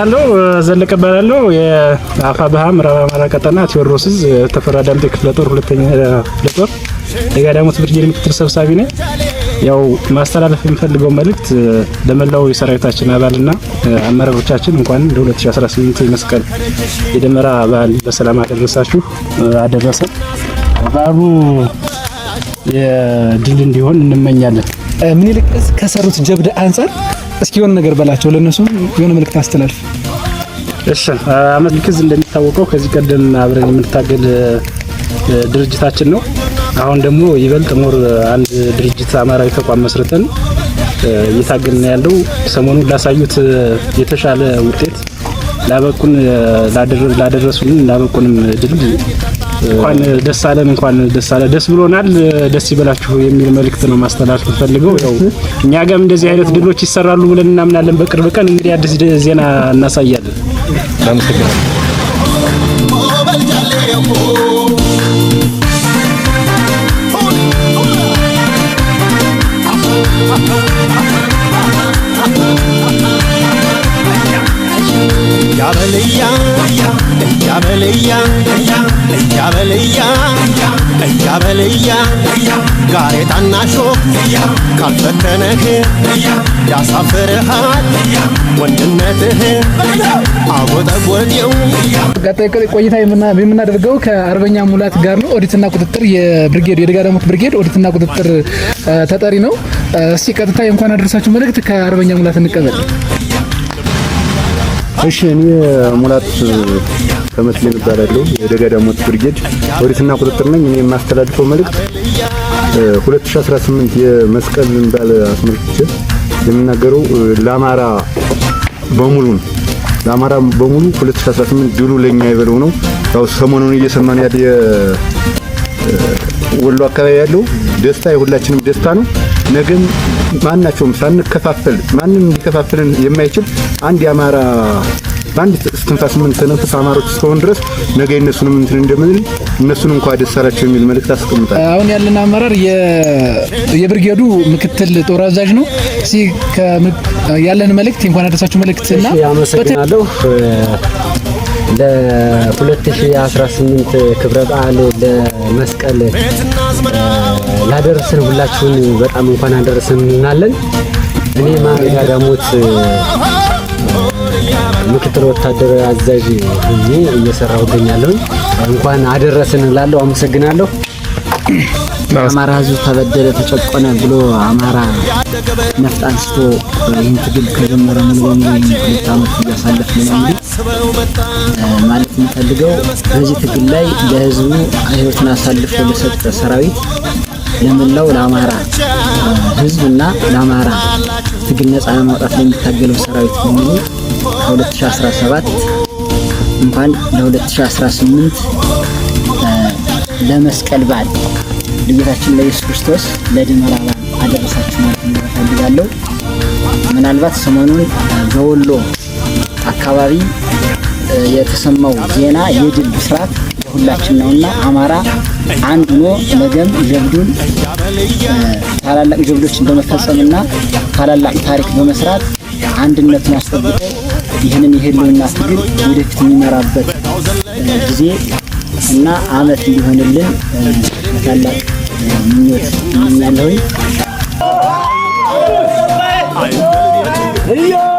ያለው ዘለቀ ባላለው የአፋብኃ ምዕራብ አማራ ቀጠና ቴዎድሮስ ዕዝ ተፈራ ዳምጤ ክፍለ ጦር ሁለተኛ ክፍለ ጦር የጋዳሞት ብርጌድ ምክትል ሰብሳቢ ነኝ። ያው ማስተላለፍ የምፈልገው መልእክት ለመላው የሰራዊታችን አባልና አመራሮቻችን እንኳን ለ2018 የመስቀል የደመራ በዓል በሰላም አደረሳችሁ አደረሰ። በዓሉ የድል እንዲሆን እንመኛለን። ምኒልክ ዕዝ ከሰሩት ጀብድ አንጻር እስኪ የሆነ ነገር በላቸው፣ ለነሱ የሆነ መልእክት አስተላልፍ። እሺ አመክዝ እንደሚታወቀው ከዚህ ቀደም አብረን የምንታገል ድርጅታችን ነው። አሁን ደግሞ ይበልጥ ሞር አንድ ድርጅት አማራዊ ተቋም መስርተን እየታገልን ያለው ሰሞኑን ላሳዩት የተሻለ ውጤት ላበቁን ላደረሱልን ላበቁንም ድል እንኳን ደስ አለን፣ እንኳን ደስ አለ፣ ደስ ብሎናል፣ ደስ ይበላችሁ የሚል መልእክት ነው ማስተላለፍ ፈልገው። ያው እኛ ጋም እንደዚህ አይነት ድሎች ይሰራሉ ብለን እናምናለን። በቅርብ ቀን እንግዲህ አዲስ ዜና እናሳያለን። yeah, yeah. እጃ በልያ እጃ በልያ ካልፈተነህ ያሳፍርሃል ወንድነትህ አጎጠጎጤው። ቀጣይ ቆይታ የምናደርገው ከአርበኛ ሙላት ጋር ነው። ኦዲትና ቁጥጥር የብርጌድ የደጋዳሞት ብርጌድ ኦዲትና ቁጥጥር ተጠሪ ነው። እስቲ ቀጥታ የእንኳን አደረሳችሁ መልእክት ከአርበኛ ሙላት እንቀበል። እሺ እኔ ሙላት ተመስገን እባላለሁ። የደጋ ዳሞት ብርጌድ ፖሊስና ቁጥጥር ነኝ። እኔ የማስተላልፈው መልእክት 2018 የመስቀል በዓል አስመልክቼ የምናገረው ለአማራ በሙሉ ነው። ለአማራ በሙሉ 2018 ድሉ ለኛ ይበለው ነው። ያው ሰሞኑን እየሰማን ያለ ወሎ አካባቢ ያለው ደስታ የሁላችንም ደስታ ነው። ነገም ማናቸውም ሳንከፋፈል ማንም ሊከፋፍልን የማይችል አንድ የአማራ በአንድ ትንፋስ የምንተነፍስ አማሮች እስከሆን ድረስ ነገ የነሱንም እንትን እንደምንል እነሱን እንኳ ደስ አላቸው የሚል መልእክት አስቀምጣል። አሁን ያለን አመራር የብርጌዱ ምክትል ጦር አዛዥ ነው። ያለን መልእክት እንኳን አደረሳችሁ መልእክት እና አመሰግናለሁ። ለ2018 ክብረ በዓል ለመስቀል ላደረሰን ሁላችሁን በጣም እንኳን አደረሰን እንላለን። እኔ ማጋ ዳሞት ምክትል ወታደራዊ አዛዥ ሁኜ እየሰራሁ እገኛለሁ። እንኳን አደረስን እላለሁ። አመሰግናለሁ። አማራ ህዝብ ተበደለ፣ ተጨቆነ ብሎ አማራ ነፍጥ አንስቶ ይህን ትግል ከጀመረ ሙሉ በሙሉ ሁለት ዓመት እያሳለፍ ነው። እንግዲህ ማለት የምፈልገው በዚህ ትግል ላይ ለህዝቡ ህይወትን አሳልፎ ለሰጠ ሰራዊት ለመላው ለአማራ እና ለአማራ ትግል ነፃ ለማውጣት ለሚታገለው ሰራዊት በሙሉ ከ2017 እንኳን ለ2018 ለመስቀል በዓል ለጌታችን ለኢየሱስ ክርስቶስ ለደመራ በዓል አደረሳችሁ ማለት እፈልጋለሁ። ምናልባት ሰሞኑን በወሎ አካባቢ የተሰማው ዜና የድል ብስራት ለሁላችን ነውና አማራ አንድ ሆኖ ነገም ጀብዱን ታላላቅ ጀብዶችን በመፈጸምና ታላላቅ ታሪክ በመስራት አንድነቱን አስጠብቀው ይህንን የህልውና ትግል ወደፊት የሚመራበት ጊዜ እና አመት እንዲሆንልን ታላቅ ምኞት እመኛለሁኝ።